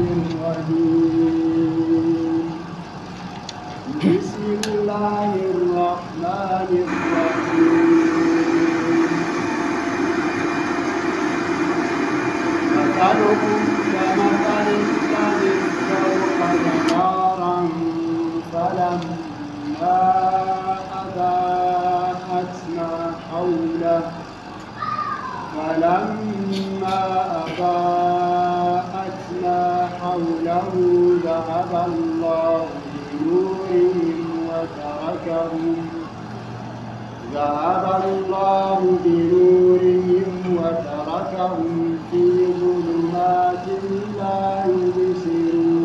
الرحيم بسم الله الرحمن الرحيم مثلكم كمثل الذي استوقد نارا فلما أذاءت ما حوله فلما أضاءت حوله ذهب الله بنورهم وتركهم ذهب الله بنورهم وتركهم في ظلمات لا يبصرون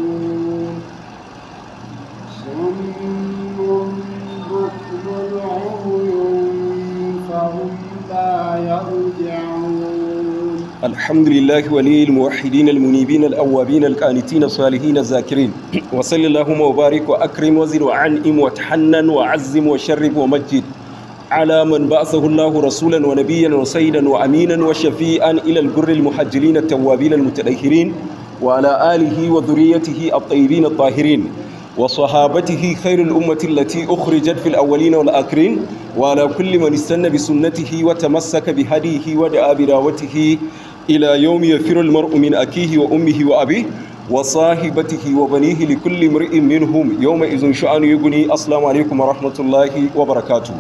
الحمد لله ولي الموحدين المنيبين الأوابين القانتين الصالحين الذاكرين وصل اللهم وبارك وأكرم وزد وعنئم وتحنن وعزم وشرف ومجد على من بعثه الله رسولا ونبيا وسيدا وأمينا وشفيئا إلى الجر المحجلين التوابين المتأخرين وعلى آله وذريته الطيبين الطاهرين وصحابته خير الأمة التي أخرجت في الأولين والآخرين وعلى كل من استنى بسنته وتمسك بهديه ودعا براوته إلى يوم يفر المرء من أكيه وأمه وأبيه وصاحبته وبنيه لكل امرئ منهم يومئذ شأن يغني السلام عليكم ورحمة الله وبركاته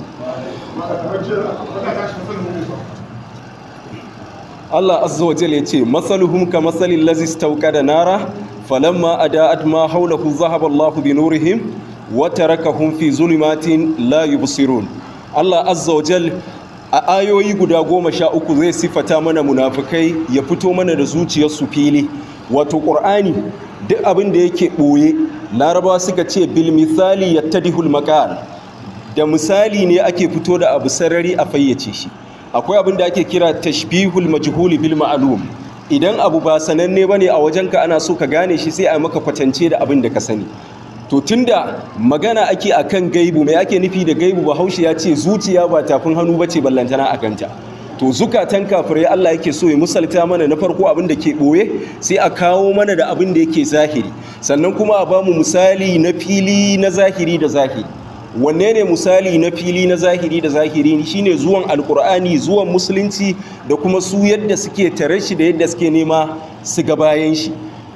Allah azza wa jalla yace masaluhum ka masalil ladzi istawqada nara falamma ada'at ma hawlahu dhahaba Allahu bi nurihim wa tarakahum fi zulumatin la yubsirun Allah azza wa jalla a ayoyi guda goma sha uku zai sifata mana munafukai ya fito mana da zuciyarsu fili wato ƙur'ani duk abin da yake ɓoye laraba suka ce bil misali ya tadihul da misali ne ake fito da abu sarari a fayyace shi akwai abin da ake kira tashbihul majhuli bil ma'lum idan abu ba sananne bane a wajenka ana so ka gane shi sai a maka kwatance da abin da ka sani to tunda magana ake akan gaibu mai ake nufi da gaibu bahaushe ya ce zuciya ba tafin hannu bace ballantana a kanta to zukatan kafire Allah yake so ya musalta mana na farko abin da ke boye sai a kawo mana da abin da yake zahiri sannan kuma a ba mu misali na fili na zahiri da zahiri wanne ne misali na fili na zahiri da zahiri shine zuwan alkur'ani zuwan musulunci da kuma su yadda suke tare shi da yadda suke nema su gabayen bayan shi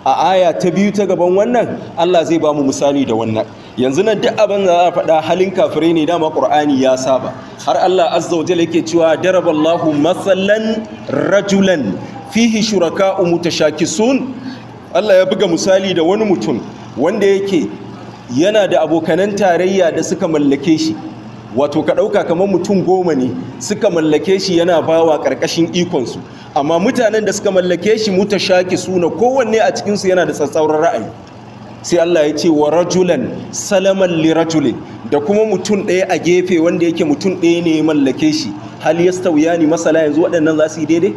a aya ta biyu ta gaban wannan Allah zai ba mu misali da wannan yanzu nan duk abin da za a faɗa halin kafirai ne dama ƙur'ani ya saba har Allah azza wa jalla yake cewa daraballahu masallan rajulan fihi shuraka'u mutashakisun Allah ya buga misali da wani mutum wanda yake yana da abokanan tarayya da suka mallake shi wato ka ɗauka kamar mutum goma ne suka mallake shi yana bawa ƙarƙashin ikonsu amma mutanen da suka mallake shi muta shaki suna kowanne a cikinsu yana da tsatsauran ra'ayi sai Allah ya ce wa rajulan salaman li rajulin da kuma mutum ɗaya a gefe wanda yake mutum ɗaya ne ya mallake shi hal ya ne masala yanzu waɗannan za su yi daidai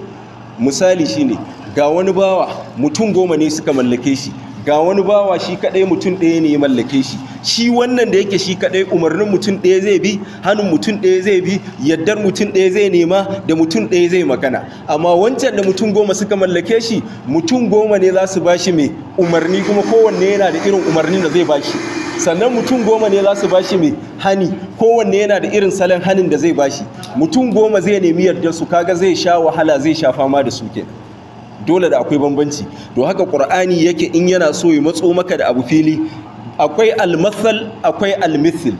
misali shine ga wani bawa mutum goma ne suka mallake shi ga wani bawa shi kadai mutum ɗaya ne ya mallake shi shi wannan da yake shi kadai umarnin mutum ɗaya zai bi hannun mutum ɗaya zai bi yaddar mutum ɗaya zai nema da mutum ɗaya zai magana amma wancan da mutum goma suka mallake shi mutum goma ne za su ba shi mai umarni kuma kowanne yana da irin umarnin da zai ba shi sannan mutum goma ne za su ba shi mai hani kowanne yana da irin salon hanin da zai ba shi mutum goma zai nemi yardar su kaga zai sha wahala zai sha fama da su kenan dole da akwai bambanci don haka ƙur'ani yake in yana so ya matso maka da abu fili akwai almasal akwai almisil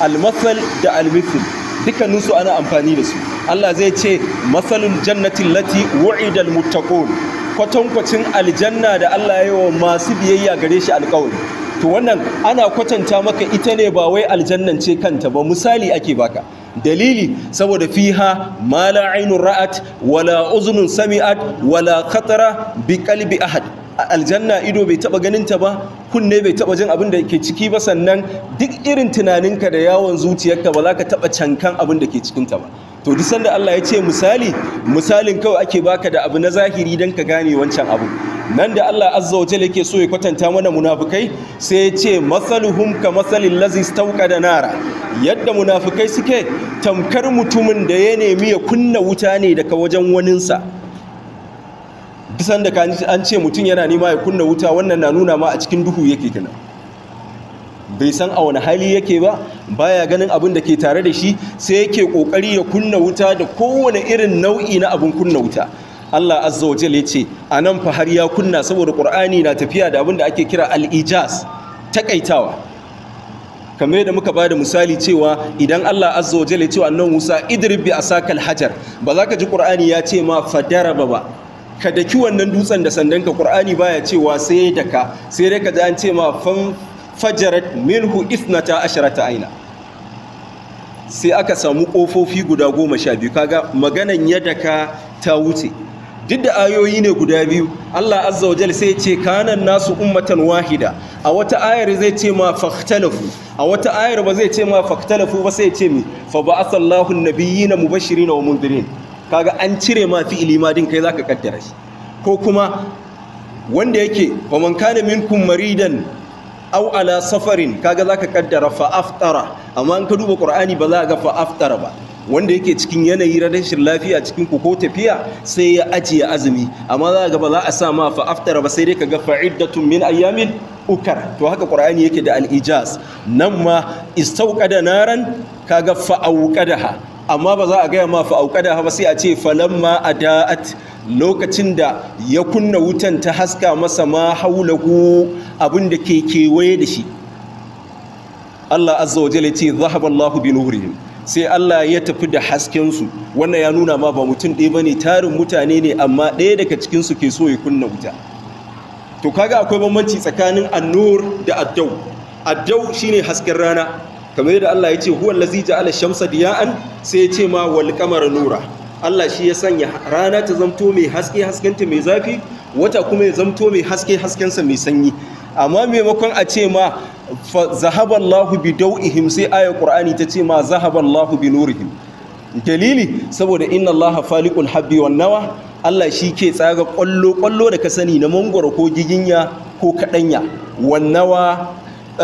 almasal da almisil dukkanin su ana amfani da su Allah zai ce masalul jannatin lati wu'ida mutakon kwatankwacin aljanna da Allah ya yi wa masu biyayya gare shi alkawari to wannan ana kwatanta maka ita ne ba wai aljannan ce kanta ba misali ake baka dalili saboda fiha ma la ra'at wala uzunin sami'at wala khatara bi qalbi ahad aljanna ido bai taba ganin ta ba kunne bai taba jin abin da ke ciki ba sannan duk irin tunaninka da yawon zuciyarka ba za ka taba cankan abin da ke cikin ta ba to duk sanda Allah ya ce misali misalin kawai ake baka da abu na zahiri don ka gane wancan abu nan da Allah azza wa jalla yake so ya kwatanta mana munafikai sai ya ce masaluhum ka masalil tauka da nara yadda munafikai suke tamkar mutumin da ya nemi ya kunna wuta ne daga wajen waninsa duk sanda an ce mutum yana nema ya kunna wuta wannan na nuna ma a cikin duhu yake kenan bai san a wani hali yake ba baya ganin abin da ke tare da shi sai yake kokari ya kunna wuta da kowane irin nau'i na abin kunna wuta Allah azza wa jalla yace anan fa har ya kunna saboda Qur'ani na tafiya da abin da ake kira al-ijaz takaitawa kamar yadda muka bada misali cewa idan Allah azza wa jalla ya ce annabi Musa idrib bi asakal hajar ba za ka ji Qur'ani ya ce ma fadaraba ba ka daki wannan dutsen da sandanka Qur'ani baya cewa sai daka sai dai ka ji an ce ma fan fajarat minhu isnata asharata aina sai aka samu ƙofofi guda goma sha biyu kaga maganan yadda ka ta wuce duk da ayoyi ne guda biyu Allah azza wa jal sai ce kanan nasu ummatan wahida a wata ayar zai ce ma fahtalafu a wata ayar ba zai ce ma fahtalafu ba sai ce mi fa ba'atha Allahu an mubashirin wa mundirin kaga an cire ma fi ilima din kai zaka kaddara shi ko kuma wanda yake wa man kana minkum maridan au ala safarin kaga zaka kaddara fa aftara amma in ka duba qur'ani ba za ga fa aftara ba wanda yake cikin yanayi rashin lafiya cikin ku ko tafiya sai ya ajiye azumi amma za ga ba za a sa ma fa aftara ba sai dai kaga fa iddatun min ayyamin ukar to haka qur'ani yake da al-ijaz nan ma istauqada naran kaga fa auqadaha amma ba za a gaya ma fa'auƙada ba sai a ce falamma a da'at lokacin da ya kunna wutan ta haska masa ma haulahu abin da ke kewaye da shi Allah azza wa jalla ce zahaballahu bin nurihim sai Allah ya tafi da haskensu wannan ya nuna ma ba mutum ɗaya bane tarin mutane ne amma ɗaya daga cikin su ke so ya kunna wuta to kaga akwai bambanci tsakanin annur da addau addau shine hasken rana kamar yadda Allah ya ce huwa allazi ja'ala shamsa diya'an sai ya ce ma wal qamara nura Allah shi ya sanya rana ta zamto mai haske haskenta mai zafi wata kuma ya zamto mai haske haskensa mai sanyi amma maimakon a ce ma zahaballahu bi dawihim sai ayar qur'ani ta ce ma zahaballahu bi nurihim dalili saboda inna allaha faliqul habbi wan nawa Allah shi ke tsaga kwallo kwallo da ka sani na mangoro ko giginya ko kaɗanya wan nawa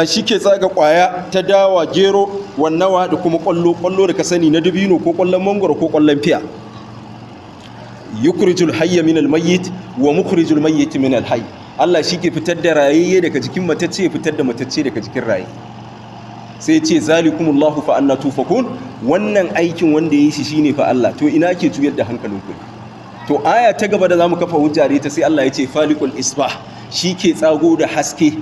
shi ke tsaga kwaya ta dawa gero wannawa da kuma kwallo kwallo da ka sani na dubino ko kwallon mangoro ko kwallon fiya yukurijul hayya min almayyit wa mukhrijul mayyit min alhayy Allah shi ke fitar da rayayye daga jikin matacce ya fitar da matacce daga jikin raye sai ce zalikumullahu fa anna tufakun wannan aikin wanda yayi shi shine fa Allah to ina ke juyar da hankalinku to aya ta gaba da zamu kafa hujjare ta sai Allah ya ce falikul isbah shi ke tsago da haske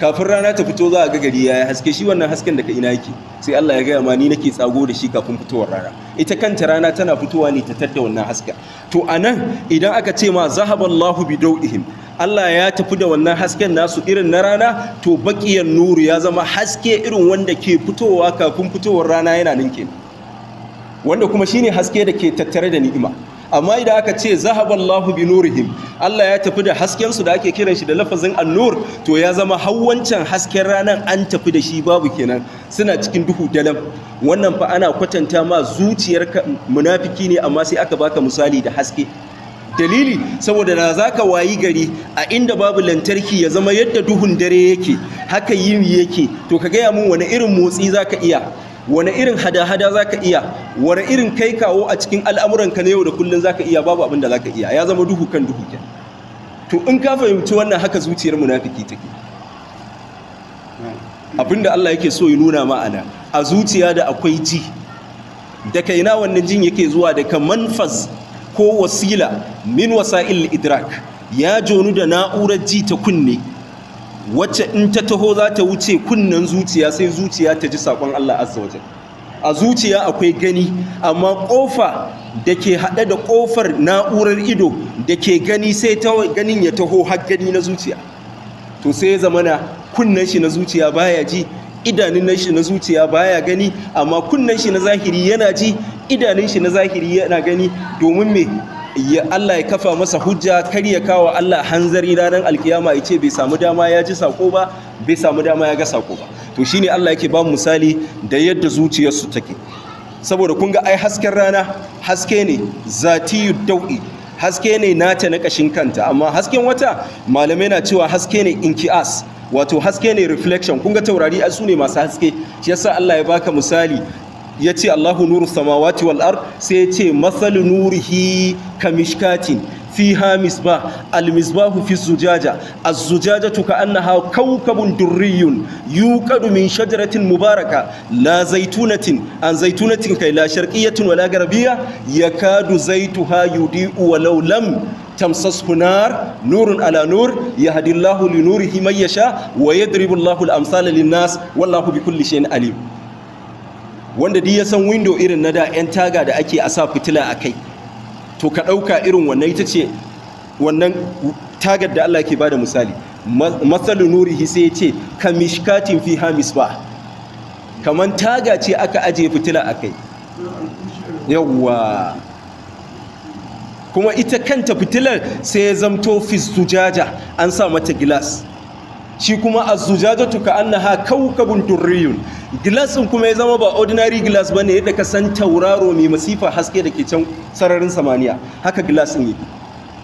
kafin rana ta fito za a ga gari yi haske shi wannan hasken daga ina yake sai Allah ya gaya ma ni nake tsago da shi kafin fitowar rana ita kanta rana tana fitowa ne ta tadda wannan haska to anan idan aka ce ma zahaballahu dawdihim Allah ya tafi da wannan hasken nasu irin na rana to baqiyan nuru ya zama haske irin wanda ke fitowa kafin fitowar rana yana ninke wanda kuma shine haske da ke tattare da ni'ima amma idan aka ce zahaballahu bi nurihim Allah ya tafi da hasken su da ake kiran shi da lafazin annur to ya zama hawwancan hasken ranan an tafi da shi babu kenan suna cikin duhu dalam wannan fa ana kwatanta ma zuciyar munafiki ne amma sai aka baka misali da haske dalili saboda na za wayi gari a inda babu lantarki ya zama yadda duhun dare yake haka yin yake to ka gaya mun wani irin motsi za ka iya wani irin hada-hada za ka iya wani irin kai kawo a cikin al'amuranka na yau da kullum za ka iya babu abin da za ka iya ya zama duhu kan duhu ke to in ka fahimci wannan haka zuciyar munafiki take abin da Allah yake so ya nuna ma'ana a zuciya da akwai ji da kaina wannan jin yake zuwa daga Manfas ko wasila min wasa'il idrak ya jonu da na'urar ji ta kunne wacce in ta taho za ta wuce kunnen zuciya sai zuciya ta ji saƙon Allah azza wajen a zuciya akwai gani amma ƙofa da ke haɗe da ƙofar na'urar ido da ke gani sai ta ganin ya taho har gani na zuciya to sai ya zamana kunnen shi na zuciya baya ji idanun shi na zuciya baya gani amma kunnen shi na zahiri yana ji idanun shi na zahiri yana gani domin me ya Allah ya kafa masa hujja kar ya kawo Allah hanzari ranar alkiyama ya ce bai samu dama ya ji sako ba bai samu dama ya ga sako ba to shine Allah yake ba mu misali da yadda zuciyarsu take saboda kun ga ai hasken rana haske ne zati dau'i haske ne nata na kashin kanta amma hasken wata malamai na cewa haske ne inkias wato haske ne reflection kun ga taurari su ne masu haske shi yasa Allah ya baka misali ya ce Allahu nuru samawati wal ard sai ya ce masalu nurihi kamishkatin hamis ba almisbahu fi zujaja az-zujajatu hau kawkabun durriyun yuqadu min shajaratin mubaraka la zaytunatin an zaitunatin kai la sharqiyyatin wala kadu zaitu zaytuha yudi'u walau lam tamsashu nar nurun ala nur yahdillahu li nurihi man yasha wa yadribu Allahu al-amsala linnas nas wallahu bi kulli shay'in alim wanda duk ya san window irin na da 'yan taga da ake a sa fitila a kai to ka ɗauka irin wannan ita ce wannan tagar da Allah ke ba da misali matsalin Nuri hisse ya ce ka mishkatin fi hamis ba kamar taga ce aka ajiye fitila a kai yawwa kuma ita kanta fitilar sai ya zamto fi zujaja an sa mata gilas shi kuma a zujaja ka an na ha kaukabin turiyun glass ɗin kuma ya zama ba ordinary glass bane yadda ka san tauraro mai masifa haske da ke can sararin samaniya haka glass din yi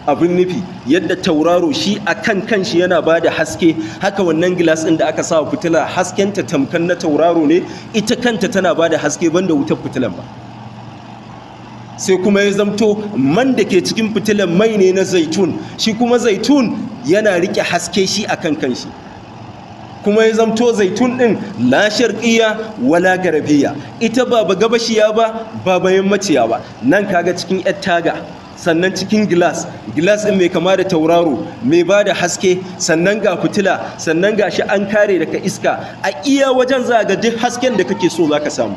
abin nufi yadda tauraro shi a kan kanshi yana ba da haske haka wannan gilas ɗin da aka sa fitila haskenta tamkan na tauraro ne ita kanta tana ba da haske banda wutar fitilan ba sai kuma ya zamto man da ke cikin fitilan mai ne na zaitun shi kuma zaitun yana rike haske shi a kan kanshi kuma ya zamto zaitun ɗin la sharqiyya wala garabiyya ita ba ba gabashiya ba ba bayan ba nan kaga cikin yar taga sannan cikin glass gilas din mai kama da tauraro mai ba da haske sannan ga fitila sannan ga shi an kare daga iska a iya wajen za ga duk hasken da kake so za ka samu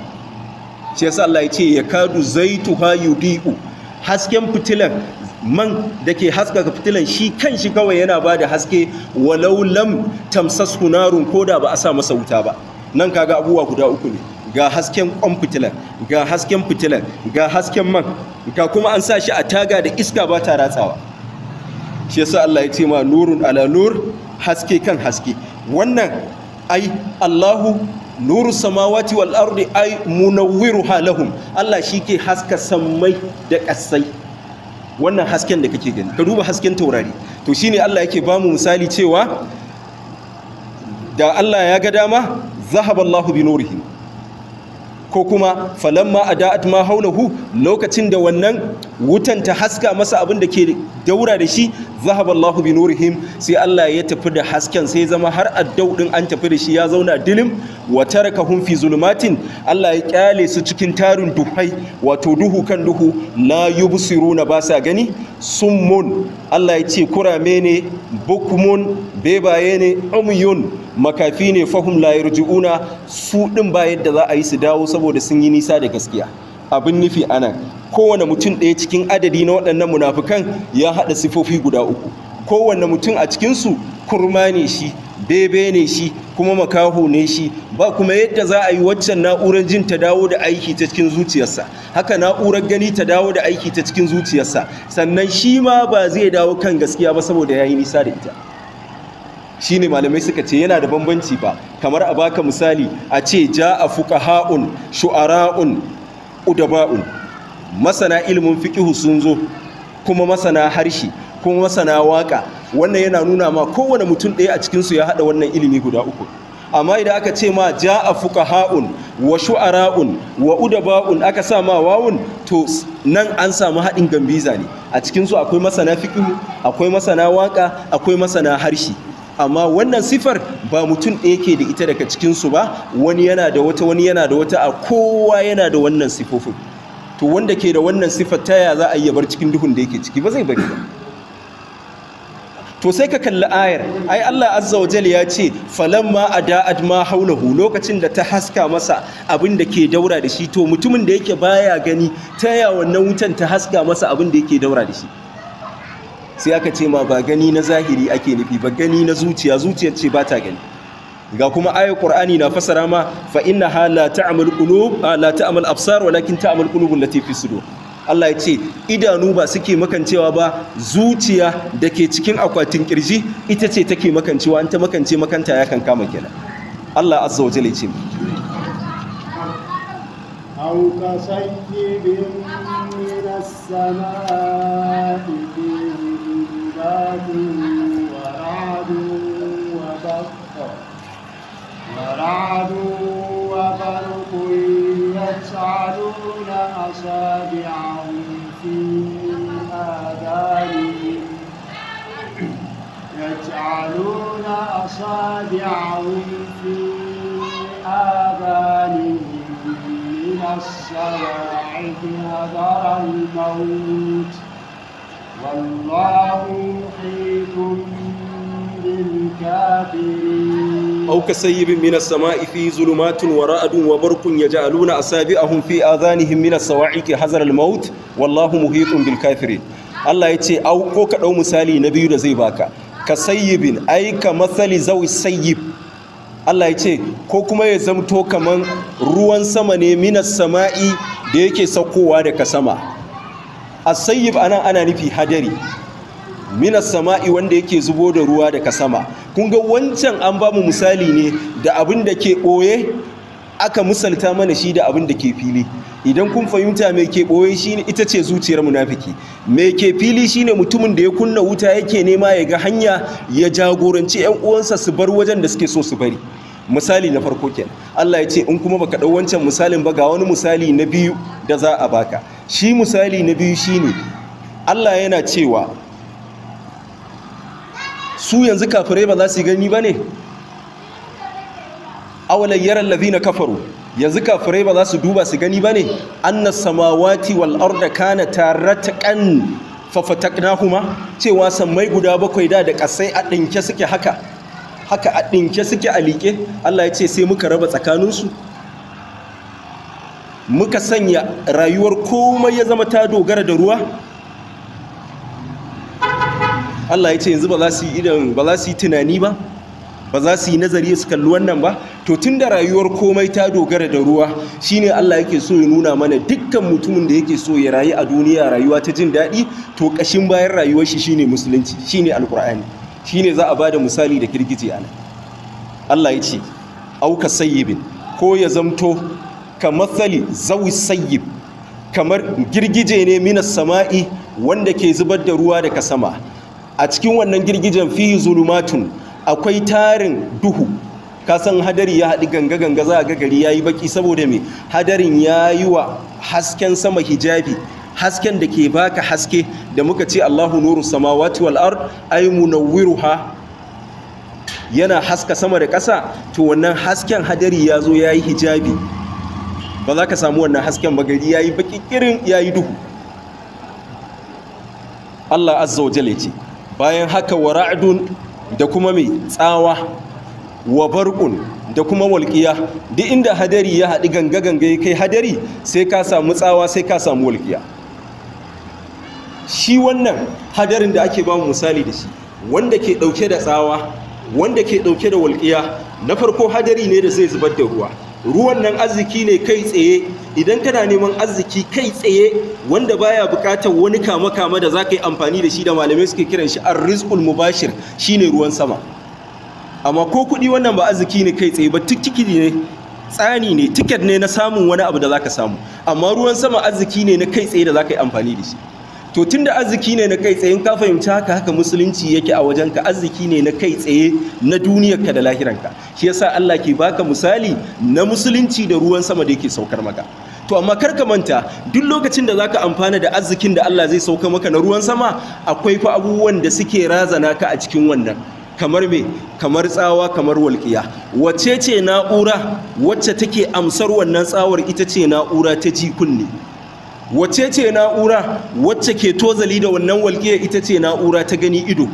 shi yasa Allah ya ce ya kadu zaituha yudi'u hasken fitilan man da ke haska fitilan shi kan shi kawai yana ba da haske walau lam tamsas hunarun ko da ba a sa masa wuta ba nan kaga abubuwa guda uku ne ga hasken kwan fitilan ga hasken fitilan ga hasken man ga kuma an sa shi a taga da iska ba ta ratsawa shi yasa Allah ya ce ma nurun ala nur haske kan haske wannan ai Allahu nuru samawati wal ardi ai munawwiruha lahum Allah shi ke haska sammai da kasai wannan hasken da kake gani ka duba hasken taurari to shi ne Allah yake bamu misali cewa da Allah ya ga dama zahaballahu bi ko kuma falamma da'at ma haulahu lokacin da wannan wutan ta haska masa abin da ke daura da shi zahaballahu bi nurihim sai Allah ya tafi da hasken sai zama har addau ɗin an tafi da shi ya zauna dilim wa tarakahum fi zulumatin Allah ya kyale su cikin tarin duhai wato duhu kan duhu la yubsiruna ba sa gani summun Allah ya ce kurame ne bukmun bebaye ne umyun makafi ne fahum la yarji'una su din ba yadda za a yi su dawo saboda sun yi nisa da gaskiya abin nufi anan kowane mutum ɗaya cikin adadi na waɗannan munafukan ya haɗa sifofi guda uku kowane mutum a cikinsu kurma ne shi bebe ne shi kuma makaho ne shi ba kuma yadda za a yi waccan na'urar jin ta dawo da aiki ta cikin zuciyarsa haka na'urar gani ta dawo da aiki ta cikin zuciyarsa sannan shi ma ba zai dawo kan gaskiya ba saboda ya yi nisa da ita shine malamai suka ce yana da bambanci ba kamar a baka misali a ce ja a fuka ha'un shu'ara'un udaba'un masana ilimin fikihu sun zo kuma masana harshe kuma masana waka wannan yana nuna ma kowane mutum ɗaya a cikinsu ya haɗa wannan ilimi guda uku amma idan aka ce ma ja a fuka ha'un wa shu'ara'un wa udaba'un aka sa ma wawun to nan an samu haɗin gambiza ne a cikinsu akwai masana fiqihu akwai masana waka akwai masana harshe amma wannan sifar ba mutum ɗaya ke da ita daga cikinsu ba wani yana da wata wani yana da wata a kowa yana da wannan sifofin to wanda ke da wannan sifar ta ya za a yi bar cikin duhun da yake ciki ba zai bari ba to sai ka kalli ayar ai Allah azza wa jalla ya ce falamma ada'at ma haulahu lokacin da ta haska masa abin da ke daura da shi to mutumin da yake baya gani ta taya wannan wutan ta haska masa abin da yake daura da shi sai aka ce ma ba gani na zahiri ake nufi ba gani na zuciya zuciyar ce ba ta gani ga kuma ayar ƙur'ani na fasara ma fa inna ha la ta'mal qulub la ta'mal absar walakin ta'mal qulubul lati fi sudur Allah ya ce idanu ba suke makancewa ba zuciya da ke cikin akwatin ƙirji ita ce take makancewa an ta makance makanta ya kan kama kenan Allah azza wa jalla ya ce أو كشيء من السماء وعاد ورعد وبرق ورعد وبرق يجعلون أصابعهم في آذانهم يجعلون أصابعهم في آذانهم من السواعد هدر الموت والله محيط أو كسيب من السماء في ظلمات ورعد وبرق يجعلون أصابعهم في آذانهم من الصواعق حذر الموت والله محيط بالكافرين Allah ya ce au ka ɗau misali na biyu da zai baka ka Allah ya ce ko kuma ya zamto kaman ruwan sama ne minas sama'i da yake saukowa daga sama asayyib anan ana nufi hadari mina sama'i wanda yake zubo da ruwa daga sama kun ga wancan an ba mu misali ne da abin da ke ɓoye aka misalta mana shi da abin da ke fili idan kun fahimta mai ke ɓoye shi ita ce zuciyar munafiki mai ke fili shi ne mutumin da ya kunna wuta yake nema ya ga hanya ya jagoranci 'yan uwansa su bar wajen da suke so su bari misali na farko kenan Allah ya ce in kuma baka ɗau wancan misalin ba ga wani misali na biyu da za a baka shi misali na biyu shine Allah yana cewa su yanzu kafirai ba za su gani ba ne awalan yaran na kafaru yanzu kafirai ba za su duba su gani ba ne annas samawati wal arda kana taratqan fafataknahuma cewa sammai guda bakwai da da kasai a ɗinke suke haka haka a ɗinke suke a liƙe Allah ya ce sai muka raba tsakaninsu muka sanya rayuwar komai ya zama ta dogara da ruwa Allah ya ce yanzu ba za su yi tunani ba ba za su yi nazari su kalli wannan ba to tun da rayuwar komai ta dogara da ruwa shine Allah yake so ya nuna mana dukkan mutumin da yake so ya rayu a duniya rayuwa ta jin daɗi to ƙashin bayan rayuwar shi shine musulunci shine alkur'ani shine za a bada misali da kirgije ana Allah ya ce auka sayyibin ko ya zamto kamathali zawi sayyib kamar girgije ne mina sama'i wanda ke zubar da ruwa daga sama a cikin wannan girgijen fi zulumatun akwai tarin duhu kasan hadari ya haɗi ganga-ganga za a ga gari ya yi baki saboda mai hadarin ya yi wa hasken sama hijabi hasken da ke baka haske da muka ce allahu nuru samawati wal ard ay ha yana haska sama da ƙasa to wannan hasken hadari ya zo ya yi hijabi ba za ka samu wannan hasken bagari ya yi bakikirin ya yi duhu Allah azza wa jale ce bayan haka wa ra'adun da kuma mai tsawa wa barkun da kuma walƙiya duk inda hadari ya haɗi ganga-ganga ya kai hadari sai ka samu tsawa sai ka samu walƙiya shi wannan hadarin da ake ba mu misali da shi wanda ke ɗauke da tsawa wanda ke ɗauke da walƙiya na farko hadari ne da zai zubar da ruwa ruwan nan arziki ne kai tsaye idan kana neman arziki kai tsaye wanda baya bukatar wani kama-kama da za ka yi amfani da shi da malamai suke kiran shi an rizkul mubashir shi ne ruwan sama amma ko kuɗi wannan ba arziki ne kai tsaye ba tikiti ne tsani ne tiket ne na samun wani abu da za ka samu amma ruwan sama arziki ne na kai tsaye da za ka yi amfani da shi to tun da arziki ne na kai tsaye ka fahimci haka haka musulunci yake a wajen ka, arziki ne na kai tsaye na duniyarka da lahiranka shi yasa Allah ke baka misali na musulunci da ruwan sama da yake saukar maka to amma kar ka manta duk lokacin da zaka amfana da arzikin da Allah zai sauka maka na ruwan sama akwai fa abubuwan da suke razana ka a cikin wannan kamar me kamar tsawa kamar walƙiya wacce ce na'ura wacce take amsar wannan tsawar ita ce na'ura ta ji kunne wace ce na'ura wacce ke tozali da wannan walƙiya ita ce na'ura ta gani ido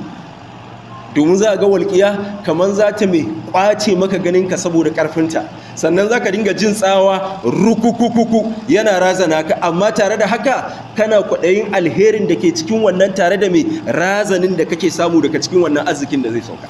domin za a ga walƙiya kamar za ta mai ƙwace maka ganinka saboda ƙarfinta sannan za ka dinga jin tsawa rukukukuku yana razana ka amma tare da haka kana kwaɗayin alherin da ke cikin wannan tare da mai razanin da kake samu daga cikin wannan arzikin da zai sauka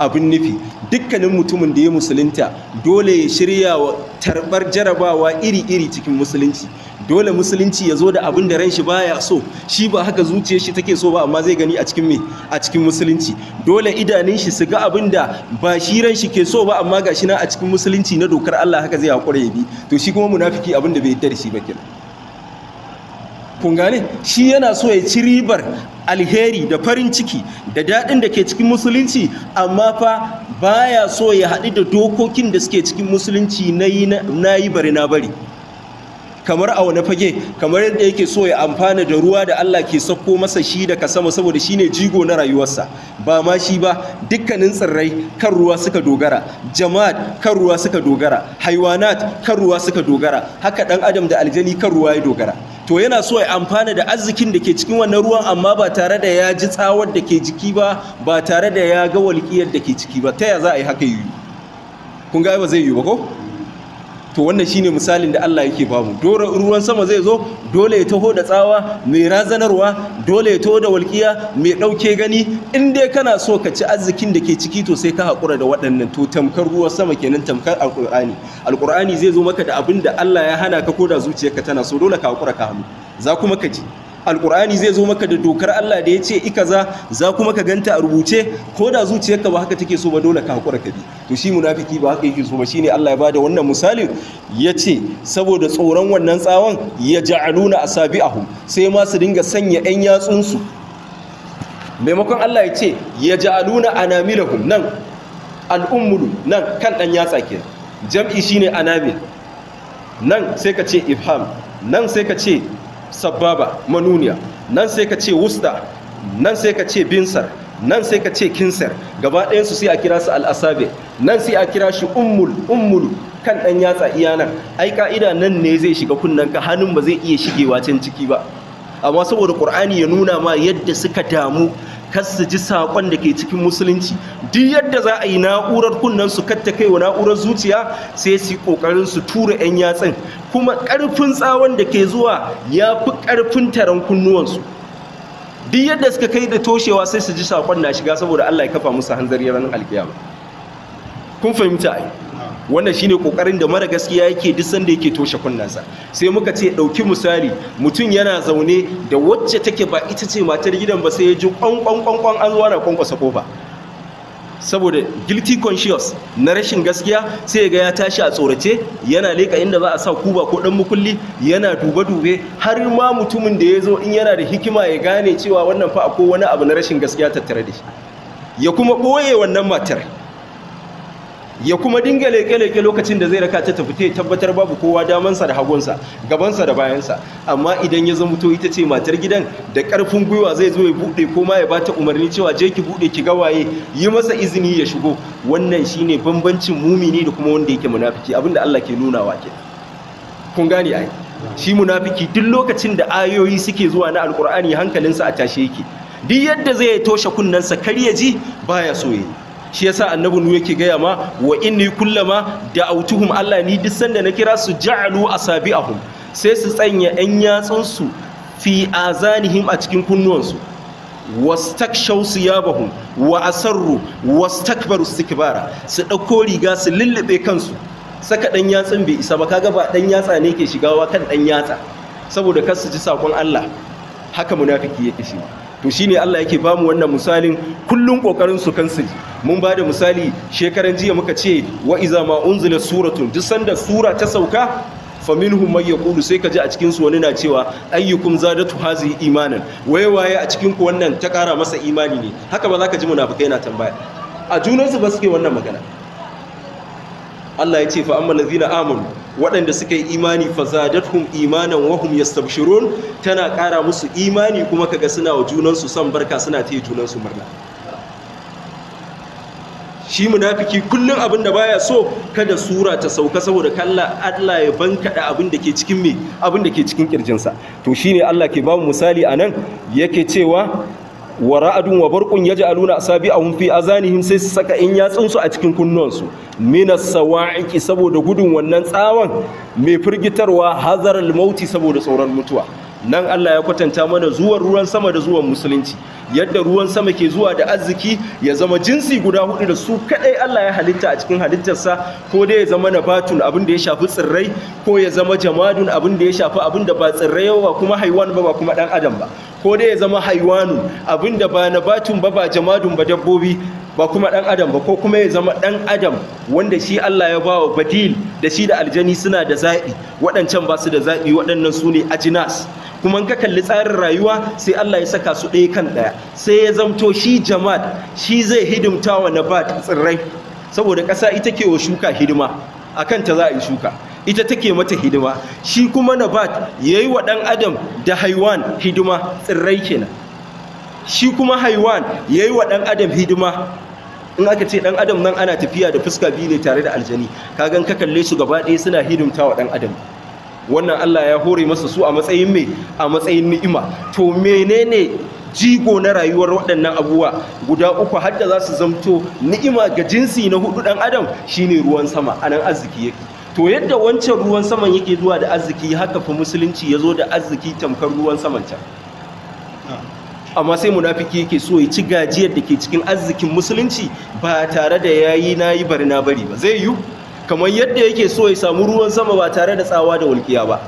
abin nufi dukkanin mutumin da ya musulunta dole ya shirya wa tarbar jarabawa iri-iri cikin musulunci dole musulunci ya zo da abin da ran shi baya so shi ba haka zuciyar shi take so ba amma zai gani a cikin me a cikin musulunci dole idanun shi su ga abin da ba shi ran shi ke so ba amma gashi na a cikin musulunci na dokar Allah haka zai hakura ya bi to shi kuma munafiki abin da bai yarda da shi ba kenan kun gane shi yana so ya ci ribar alheri da farin ciki da daɗin da ke cikin musulunci amma fa baya so ya haɗu da dokokin da suke cikin musulunci na yi bari na bari kamar a wani fage kamar yadda yake so ya amfana da ruwa da Allah ke sauko masa shi daga sama saboda shine jigo na rayuwarsa ba ma shi ba dukkanin tsirrai kan ruwa suka dogara jama'at kan ruwa suka dogara haiwanat kan ruwa suka dogara haka dan adam da aljani kan ruwa ya dogara to yana so ya amfana da arzikin da ke cikin wannan ruwan amma ba tare da ya ji tsawar da ke jiki ba ba tare da ya ga walƙiyar da ke ciki ba ta ya za a yi haka yi kun ga ba zai yi ba ko to wannan shine misalin da Allah yake bamu dole ruwan sama zai zo dole ya taho da tsawa mai razanarwa dole ya taho da walƙiya mai ɗauke gani in dai kana so ka ci arzikin da ke ciki to sai ka hakura da waɗannan to tamkar ruwan sama kenan tamkar alƙur'ani alƙur'ani zai zo maka da abin da Allah ya hana ka ko da zuciyarka tana so dole ka hakura ka hamu za kuma ka ji alkur'ani zai zo maka da dokar Allah da ya ce ikaza za kuma ka ganta a rubuce ko da zuciyarka ba haka take so ba dole ka hakura ka bi to shi munafiki ba haka yake so ba shine Allah ya bada wannan misalin ya ce saboda tsoron wannan tsawon ya ja'aluna asabi'ahum sai ma su dinga sanya 'yan yatsunsu maimakon Allah ya ce ya ja'aluna anamilahum nan al'ummulu nan kan ɗan yatsa ke jam'i shine anamil nan sai ka ce ifham nan sai ka ce sababa manuniya nan sai ka ce wusta nan sai ka ce binsar nan sai ka ce kinsar gaba ɗayansu sai a kira su al'asabe nan sai a kira shi ummul ummul kan ɗan yatsa iyanar ai ka'ida nan ne zai shiga kunnen ka hannun ba zai iya shigewa can ciki ba amma saboda ƙur'ani ya nuna ma yadda suka damu kar su ji saƙon da ke cikin musulunci duk yadda za a yi na'urar kunnen su katta kai wa na'urar zuciya sai su ƙoƙarin su tura 'yan yatsan. kuma ƙarfin tsawon da ke zuwa ya fi ƙarfin taron kunnuwansu duk yadda suka kai da toshewa sai su ji saƙon na shiga saboda Allah ya kafa musu hanzar yaran alkiyama kun fahimta ai wannan shine kokarin da mara gaskiya yake duk sanda yake toshe kunnansa sai muka ce dauki misali mutum yana zaune da wacce take ba ita ce matar gidan ba sai ya ji kwankwankwankwan an zuwa na kwankwasa kofa saboda guilty conscious na rashin gaskiya sai ga ya tashi a tsorace yana leka inda za a sa kuba ko dan mukulli yana dube-dube har ma mutumin da ya zo in yana da hikima ya gane cewa wannan fa akwai wani abu na rashin gaskiya tattare da shi ya kuma ɓoye wannan matar ya kuma dinga leke-leke lokacin da zai raka ta tafi ta tabbatar babu kowa damansa da hagunsa gabansa da bayansa amma idan ya zama to ita ce matar gidan da karfin gwiwa zai zo ya buɗe ko ma ya bata umarni cewa je ki buɗe ki gawaye yi masa izini ya shigo wannan shine bambancin mumini da kuma wanda yake munafiki abinda Allah ke nuna wa ke kun gane ai shi munafiki duk lokacin da ayoyi suke zuwa na alkur'ani hankalinsa a tashe yake duk yadda zai toshe kunnensa kar ya ji baya so shi yasa annabi nu yake gaya ma wa inni kullama da'awtuhum Allah ni duk sanda na kira su ja'alu asabi'ahum sai su tsanya yan yatsun su fi azanihim a cikin kunnuwansu wastakshaw siyabahum wa asarru wastakbaru istikbara su dauko riga su lullube kansu saka ɗan yatsun bai isa ba kaga ba ɗan yatsa ne ke shigawa kan ɗan yatsa saboda kar su ji sakon Allah haka munafiki yake shi to ne Allah yake bamu wannan misalin kullum kokarin su kansu mun ba da misali shekaran jiya muka ce wa iza ma unzila suratun duk sanda sura ta sauka fa minhum man yaqulu sai kaji a cikin su wani na cewa ayyukum zadatu hazi imanan waye waye a cikin ku wannan ta kara masa imani ne haka ba za ka ji munafikai na tambaya a junansu ba suke wannan magana Allah ya ce fa amma lazina amanu waɗanda suka yi imani fazadathum imanan wahum ya stabshirun tana ƙara musu imani kuma kaga suna wa junansu son barka suna taya junansu murna shi munafiki kullum abin da baya so kada sura ta sauka saboda kalla Allah ya bankada abin da ke cikin me abin da ke cikin kirjinsa to shine Allah ke ba mu misali anan yake cewa wa ra'adun wa barqun yaj'aluna asabi'ahum fi azanihim sai su saka in yatsun su a cikin kunnuwansu minas sawa'iqi saboda gudun wannan tsawon mai firgitarwa hazar mauti saboda tsoron mutuwa nan Allah ya kwatanta mana zuwan ruwan sama da zuwan musulunci yadda ruwan sama ke zuwa da arziki ya zama jinsi guda hudu da su kadai Allah ya halitta a cikin halittarsa ko dai ya zama nabatun abin da ya shafi tsirrai ko ya zama jamadun abin da ya shafi abin da ba tsirrai ba kuma haiwan ba ba kuma dan adam ba ko dai ya zama haiwanu abinda ba na batun ba ba jamadun ba dabbobi ba kuma dan adam ba ko kuma ya zama dan adam wanda shi Allah ya bawa badil da shi da aljani suna da zaɓi waɗancan ba su da zaɓi waɗannan su ne ajinas kuma ka kalli tsarin rayuwa sai Allah ya saka su ɗaya kan ɗaya sai ya zamto shi jamad shi zai hidimta wa nabat tsirrai saboda ƙasa ita ke wa shuka hidima akan ta za a yi shuka ita take mata hidima shi kuma nabat yayi wa dan adam da haiwan hidima tsirrai kenan shi kuma haiwan yayi wa dan adam hidima in aka ce dan adam nan ana tafiya da fuska biyu ne tare da aljani kagan ka kalle su gaba ɗaya suna hidimta wa dan adam wannan Allah ya hore masa su a matsayin me a matsayin ni'ima to menene jigo na rayuwar waɗannan abubuwa guda uku har da za su zamto ni'ima ga jinsi na hudu ɗan adam shine ruwan sama anan arziki yake to yadda wancan ruwan saman yake zuwa da arziki haka fa musulunci ya zo da arziki tamkar ruwan saman can amma sai munafiki yake so ya ci gajiyar da ke cikin arzikin musulunci ba tare da yayi nayi barna bari ba zai yi kamar yadda yake so ya samu ruwan sama ba tare da tsawa da walkiya ba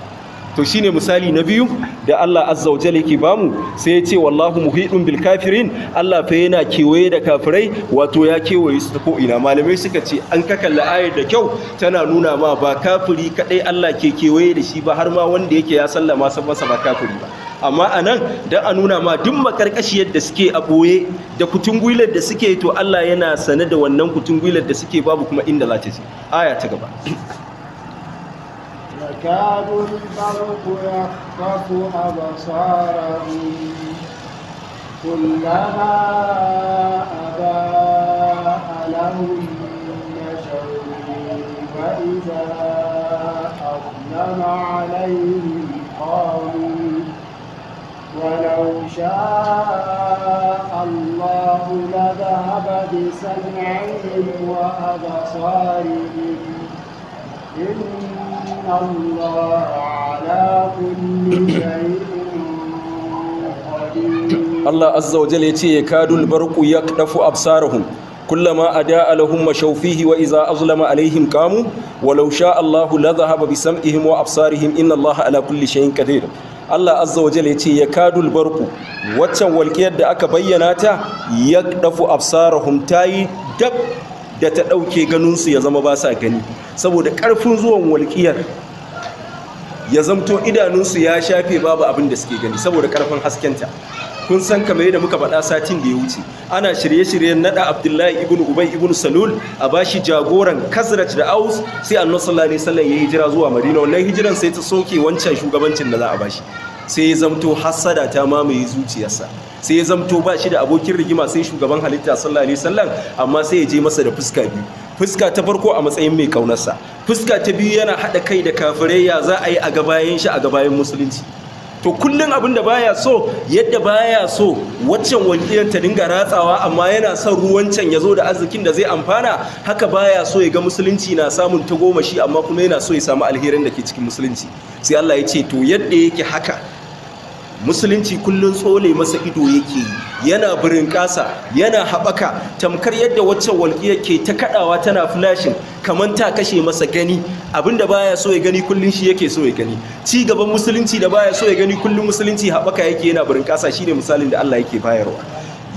to shi ne misali na biyu da Allah azza wa jalla yake bamu sai ya ce wallahu muhidun bil kafirin Allah fa yana kewaye da kafirai wato ya kewaye su ko ina malamai suka ce an ka kalla ayar da kyau tana nuna ma ba kafiri kadai Allah ke kewaye da shi ba har ma wanda yake ya sallama sa ba kafiri ba amma a nan don a nuna ma duk makarkashiyar da suke a boye da kutungwilar da suke to Allah yana sane da wannan kutungwilar da suke babu kuma inda za ta ce aya ta gaba يكاد البرق يخطف أبصارهم كلما أباء لهم نشروا فإذا أظلم عليهم قالوا ولو شاء الله لذهب بسمعهم وأبصارهم أن Allah azza wa jalla yace kadul barqu yakdafu absarahum kullama adaa lahum mashawfihi wa iza azlama alaihim qamu walau sha Allahu la dhahaba bi sam'ihim wa absarihim inna Allaha ala kulli shay'in qadir Allah azza wa jalla yace kadul barqu waccan walqiyar da aka bayyana ta yakdafu absarahum tayi dab da ta dauke ganin su ya zama ba sa gani saboda ƙarfin zuwan walƙiyar ya zamto idanunsu ya shafe babu abin da suke gani saboda ƙarfin haskenta kun san kamar da muka faɗa satin da ya wuce ana shirye-shiryen naɗa abdullahi ibn ubay ibn salul a bashi jagoran kazrat da aus sai annabi sallallahu alaihi wasallam ya hijira zuwa madina wannan hijiran sai ta soke wancan shugabancin da za a bashi sai ya zamto hasada ta mamaye zuciyarsa sai ya zamto ba shi da abokin rigima sai shugaban halitta sallallahu alaihi wasallam amma sai ya je masa da fuska biyu fuska ta farko a matsayin mai kaunarsa fuska ta biyu yana haɗa kai da kafirai ya za a yi a gabayen shi a gabayen musulunci to kullum abin da baya so yadda baya so waccan waliyar ta dinga ratsawa amma yana son ruwancan ya zo da arzikin da zai amfana haka baya so ya ga musulunci na samun tagomashi amma kuma yana so ya samu alherin da ke cikin musulunci sai Allah ya ce to yadda yake haka musulunci kullun tsole masa ido yake yi yana birin kasa yana haɓaka tamkar yadda waccan walƙiya ke ta kaɗawa tana flashin kamar ta kashe masa gani abinda baya so ya gani kullun shi yake so ya gani ci gaban musulunci da baya so ya gani kullun musulunci haɓaka yake yana birin kasa shine misalin da Allah yake bayarwa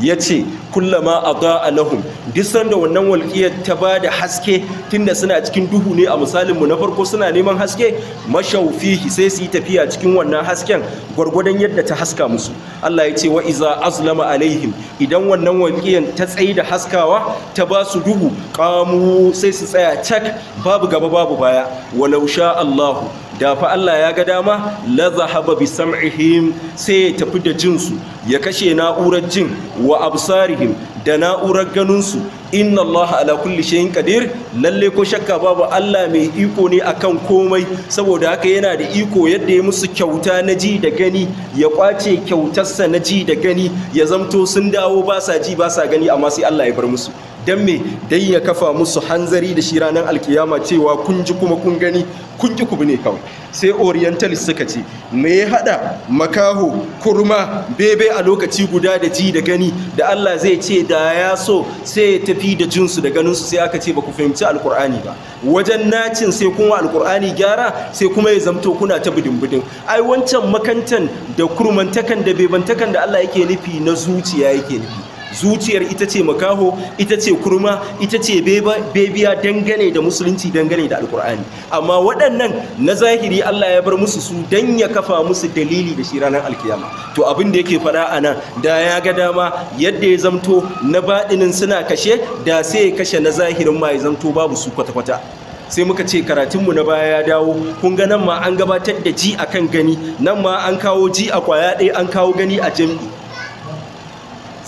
ya ce kullama a ga alahun disan da wannan walƙiyar ta ba da haske tunda suna cikin duhu ne a misalinmu na farko suna neman haske mashaufihi sai su yi tafiya cikin wannan hasken gwargwadon yadda ta haska musu Allah ya ce wa iza azlama alaihim idan wannan walƙiyar ta tsayi da haskawa ta ba su duhu kamu sai su tsaya cak babu gaba babu baya walau sha Allahu da fa Allah ya ga dama la zahaba bi sam'ihim sai ya tafi da jinsu ya kashe na'urar jin wa absarihim da na'urar ganinsu inna Allah ala kulli shayin qadir lalle ko shakka babu Allah mai iko ne akan komai saboda haka yana da iko yadda ya musu kyauta na ji da gani ya kwace kyautarsa na ji da gani ya zamto sun dawo ba sa ji ba sa gani amma sai Allah ya bar musu don me dai ya kafa musu hanzari da shi ranar alkiyama cewa kun ji kuma kun gani kun ji kubu ne kawai sai orientalist suka ce me ya hada makaho kurma bebe a lokaci guda da ji da gani da Allah zai ce da ya so sai ya tafi da jinsu da ganinsu sai aka ce ba ku fahimci alkur'ani ba wajen nacin sai kuma alkur'ani gyara sai kuma ya zamto kuna ta bidin ai wancan makantan da kurmantakan da bebantakan da Allah yake nufi na zuciya yake nufi zuciyar ita ce makaho ita ce kurma ita ce bebiya dangane da musulunci dangane da alkur'ani amma waɗannan na zahiri Allah ya bar musu su don ya kafa musu dalili da shi ranar alkiyama to abin da yake faɗa a nan da ya ga dama yadda ya zamto na baɗinin suna kashe da sai ya kashe na zahirin ma ya zamto babu su kwata-kwata sai muka ce karatunmu na baya ya dawo kun ga nan ma an gabatar da ji akan gani nan ma an kawo ji a kwaya ɗaya an kawo gani a jam'i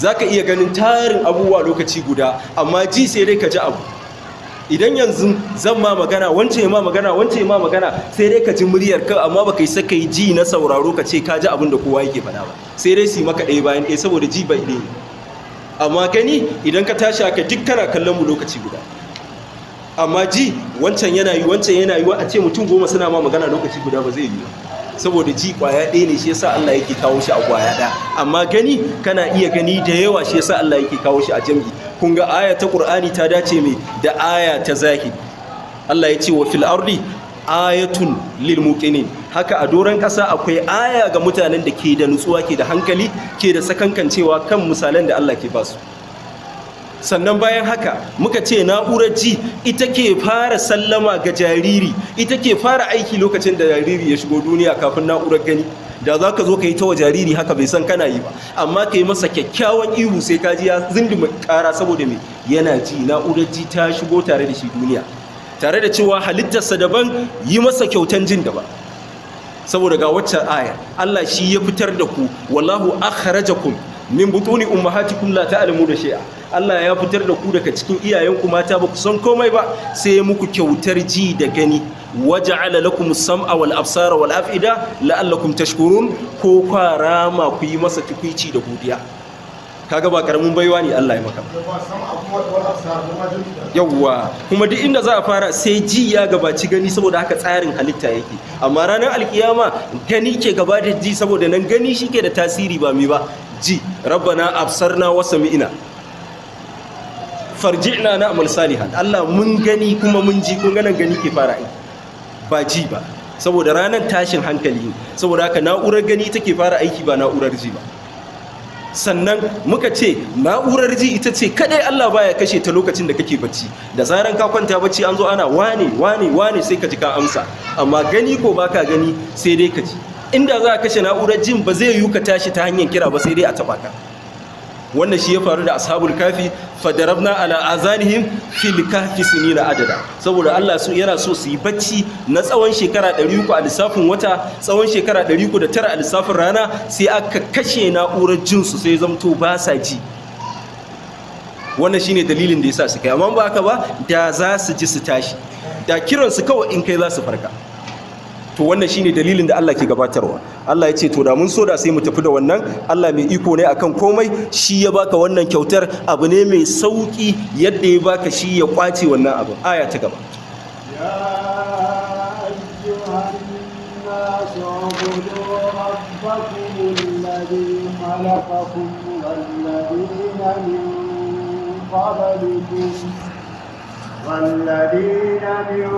Zaka iya ganin tarin abubuwa lokaci guda amma ji sai dai ka ji abu idan yanzu zan ma magana wance ma magana wance ma magana sai dai ka ji muryar ka amma baka isa kai ji na sauraro ka ce ka ji abin da kowa yake faɗa ba sai dai su yi maka ɗaya bayan ɗaya saboda ji bai ɗaya amma gani idan ka tashi haka duk kana kallon mu lokaci guda amma ji wancan yana yi wancan yana yi a ce mutum goma suna ma magana lokaci guda ba zai yi ba saboda ji kwaya ɗaya ne shi yasa Allah yake kawo shi a kwaya ɗaya amma gani kana iya gani da yawa shi yasa Allah yake kawo shi a jam'i kun ga aya ta Qur'ani ta dace mai da aya ta zaki Allah ya ce wa fil ardi ayatun lil muqinin haka a doron ƙasa akwai aya ga mutanen da ke da nutsuwa ke da hankali ke da sakankancewa kan misalan da Allah ke basu sannan bayan haka muka ce na'urar ji ita ke fara sallama ga jariri ita ke fara aiki lokacin da jariri ya shigo duniya kafin na'urar gani da za ka zo ka yi ta wa jariri haka bai san kana yi ba amma ka yi masa kyakkyawan ihu sai ka ji ya mai kara saboda mai yana ji na'urar ji ta shigo tare da shi duniya tare da cewa halittarsa daban yi masa kyautan jin daban saboda ga waccan ayar Allah shi ya fitar da ku wallahu akhrajakum min butuni ummahatikum la da shay'a Allah ya fitar da ku daga cikin iyayenku mata ba ku san komai ba sai muku kyautar ji da gani waja'ala lakum sam'a wal absara wal af'ida la'allakum tashkurun ko ma ku yi masa tukuici da godiya kaga ba karamin baiwa ne Allah ya maka Yawa kuma duk inda za a fara sai ji ya gabaci gani saboda haka tsarin halitta yake amma ranar alkiyama gani ke gaba da ji saboda nan gani shi ke da tasiri ba mi ba ji rabbana absarna wasami'ina ina. farji'na na amal salihan Allah mun gani kuma mun ji kun ganan gani ke fara aiki ba ji ba saboda ranar tashin hankali ne saboda haka na'urar gani take fara aiki ba na'urar ji ba sannan muka ce na'urar ji ita ce kadai Allah baya kashe ta lokacin da kake bacci da zaran ka kwanta bacci an zo ana wane wane wane sai ka ji ka amsa amma gani ko baka gani sai dai ka ji inda za ka kashe na'urar jin ba zai yi ka tashi ta hanyar kira ba sai dai a taba wannan shi ya faru da ashabul kafi fadarabna ala azanihim fil kafi sinina adada saboda Allah su yana so su yi bacci na tsawon shekara 300 a lissafin wata tsawon shekara 309 a lissafin rana sai aka kashe na'urar su sai zamto ba sa ji wannan shine dalilin da yasa su kai amma ba haka ba da za su ji su tashi da kiransu kawai in kai za su farka to wannan shine dalilin da Allah ke gabatarwa Allah ya ce to da mun so da sai mu tafi da wannan Allah mai iko ne akan komai shi ya baka wannan kyautar abu ne mai sauki yadda ya baka shi ya kwace wannan abu aya ta gaba خلقكم والذين من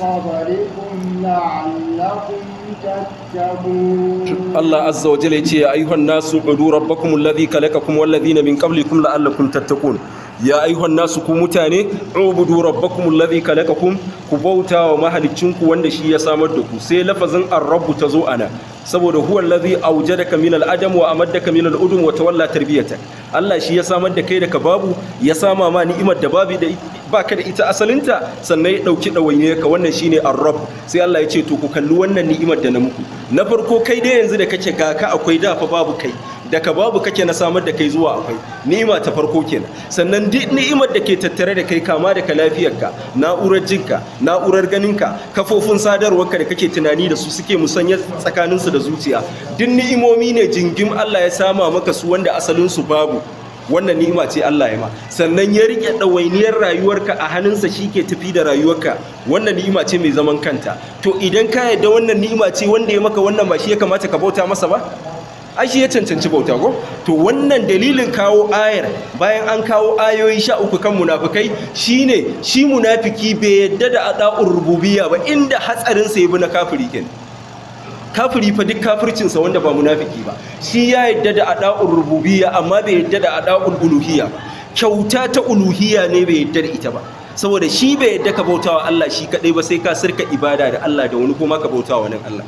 قبلكم لعلكم تتقون ya عز وجل يا أيها الناس اعبدوا ربكم الذي خلقكم والذين من قبلكم لعلكم تتقون ya ayyuhan nasu ku mutane ubudu rabbakum alladhi khalaqakum ku bauta wa ku wanda shi ya samar da ku sai lafazin ar-rabbu tazo ana saboda huwa alladhi awjadaka min al-adam wa amaddaka min al-udum wa tawalla tarbiyatak Allah shi ya samar da kai daga babu ya sama ma ni'imar da babu da baka da ita asalinta sannan ya ɗauki dawaine ka wannan shine ne rabb sai Allah ya ce to ku kalli wannan ni'imar da na muku na farko kai dai yanzu da kake ga akwai da fa babu kai daga babu kake na samar da kai zuwa akwai ni'ima ta farko kenan sannan duk ni'imar da ke tattare da kai kama daga lafiyarka na'urar jinka na'urar ganinka kafofin sadarwarka da kake tunani da su suke musanya tsakaninsu da zuciya duk ni'imomi ne jingim Allah ya sama maka su wanda asalin su babu wannan ni'ima ce Allah ya ma sannan ya rike ɗawainiyar rayuwarka a hannunsa shi ke tafi da rayuwarka wannan ni'ima ce mai zaman kanta to idan ka yadda wannan ni'ima ce wanda ya maka wannan ba shi ya kamata ka bauta masa ba ai shi ya cancanci bauta ko to wannan dalilin kawo ayar bayan an kawo ayoyi sha uku kan munafikai shine shi munafiki bai yadda da ada'ur rububiyya ba inda hatsarinsa ya bi na kafiri kenan kafiri fa duk kafircinsa wanda ba munafiki ba shi ya yadda da ada'ul rububiyya amma bai yadda da ada'ul uluhiyya kyauta ta uluhiyya ne bai yadda da ita ba saboda shi bai yadda ka bautawa Allah shi kadai ba sai ka sirka ibada da Allah da wani kuma ka bautawa wani Allah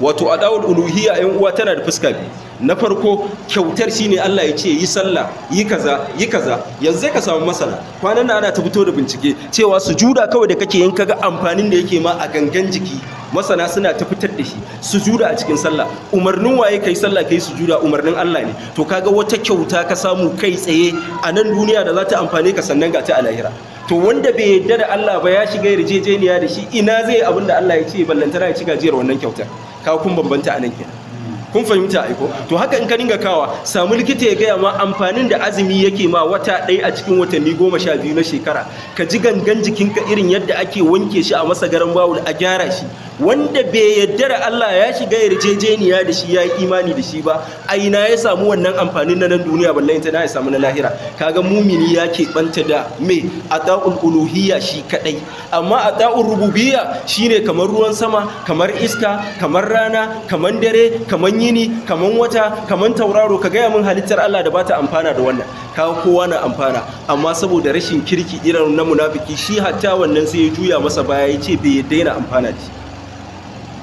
wato ada'ul uluhiyya ɗan uwa tana da fuska biyu na farko kyautar shine Allah ya ce yi sallah yi kaza yi kaza yanzu zai ka samu masana kwanan nan ana ta fito da bincike cewa sujuda kawai da kake yin kaga amfanin da yake ma a gangan jiki masana suna ta fitar da shi sujuda a cikin sallah umarnin waye kai sallah kai sujuda umarnin Allah ne to kaga wata kyauta ka samu kai tsaye a nan duniya da za ta amfane ka sannan ga ta a lahira to wanda bai yarda da Allah ba ya shiga yarjejeniya da shi ina zai abinda Allah ya ce ballantara ya ci gajiyar wannan kyautar ka kun bambanta a nan kenan kun fahimta aiko to haka in ka dinga kawa samu likita ya gaya ma amfanin da azumi yake ma wata ɗaya a cikin watanni goma sha biyu na shekara ka ji gangan jikin ka irin yadda ake wanke shi a masa garan bawul a gyara shi wanda bai yadda da Allah ya shiga yarjejeniya da shi ya yi imani da shi ba a ina ya samu wannan amfanin na nan duniya ba ta na ya samu na lahira kaga mumini ya ke banta da me da'ul uluhiyya shi kadai amma a ata'ul rububiyya shine kamar ruwan sama kamar iska kamar rana kamar dare kamar ni kaman wata kaman tauraro ka gaya min halittar Allah da ba ta amfana da wannan Ka kowa na amfana amma saboda rashin kirki irin na munafiki shi hatta wannan sai ya juya masa baya ya ce bai yadda amfana da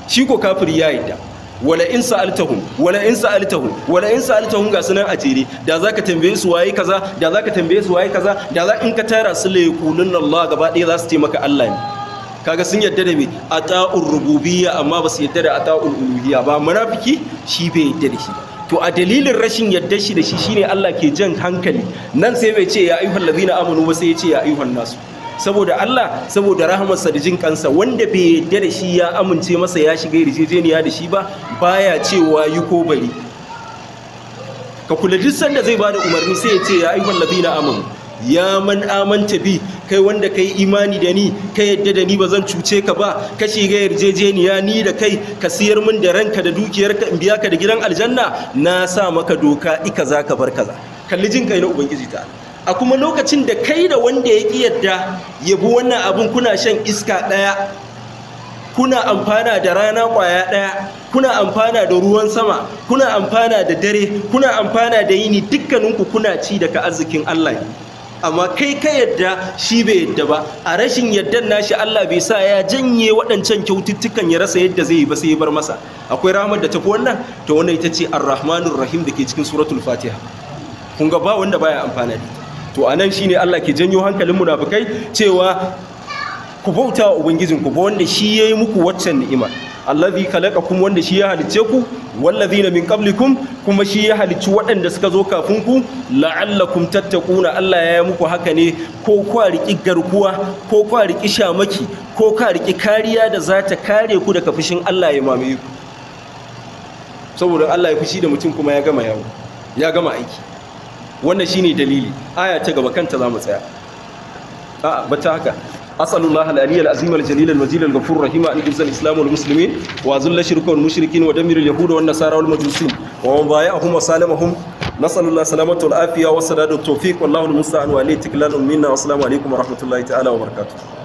shi ko kafiri ya yadda wala in sa'altahum wala in sa'altahum wala in sa'altahum ga sunan a jere da zaka tambaye su waye kaza da zaka tambaye su waye kaza da za in ka tara su la Allah gaba ɗaya za su ce maka Allah ne kaga sun yadda da me ta'ul rububiyya amma ba su yadda da ta'ul uluhiyya ba munafiki shi bai yadda da shi to a dalilin rashin yadda shi da shi shine Allah ke jan hankali nan sai bai ce ya ayyuhal ladina amanu ba sai ya ce ya ayyuhan nasu saboda Allah saboda rahamarsa da jin kansa wanda bai yadda da shi ya amince masa ya shiga yarjejeniya da shi ba baya cewa yi ko bari ka kula duk sanda zai bada umarni sai ya ce ya ayyuhal ladina amanu ya man amanta bi kai wanda kai imani da ni ka yadda da ni ba zan cuce ka ba ka shiga yarjejeniya ni da kai ka siyar min da ranka da dukiyarka in biya ka da gidan aljanna na sa maka doka ika za ka bar kaza kalli jin kai na ubangiji ta a kuma lokacin da kai da wanda ya ki yadda ya bi wannan abin kuna shan iska ɗaya kuna amfana da rana kwaya ɗaya kuna amfana da ruwan sama kuna amfana da dare kuna amfana da yini dukkaninku kuna ci daga arzikin Allah amma kai ka yadda shi bai yadda ba a rashin yaddan nashi Allah bai sa ya janye waɗancan kyaututtukan ya rasa yadda zai yi ba sai ya bar masa akwai rahmar da tafi wannan to wannan ita ce ar-rahmanur rahim da ke cikin suratul fatiha kun ga ba wanda baya amfana da to anan shine Allah ke janyo hankalin munafikai cewa ku bauta wa ku ba wanda shi yayi muku waccan ni'ima allazi khalaqakum wanda shi ya halice ku na min qablikum kuma shi ya halici waɗanda suka zo kafin ku la'allakum tattaquna Allah ya yi muku haka ne ko kwa riki garkuwa ko kwa riki shamaki ko kwa riki kariya da za ta kare ku daga fushin Allah ya mamaye ku saboda Allah ya fushi da mutum kuma ya gama yawo ya gama aiki wannan shine dalili aya ta gaba kanta za mu tsaya a'a bata haka أسأل الله العلي العظيم الجليل المجيد الغفور الرحيم أن يعز الإسلام والمسلمين وأذل الشرك والمشركين ودمر اليهود والنصارى والمجوسين ومن بايعهم وسالمهم نسأل الله السلامة والعافية والسداد والتوفيق والله المستعان وعليه تكلان منا والسلام عليكم ورحمة الله تعالى وبركاته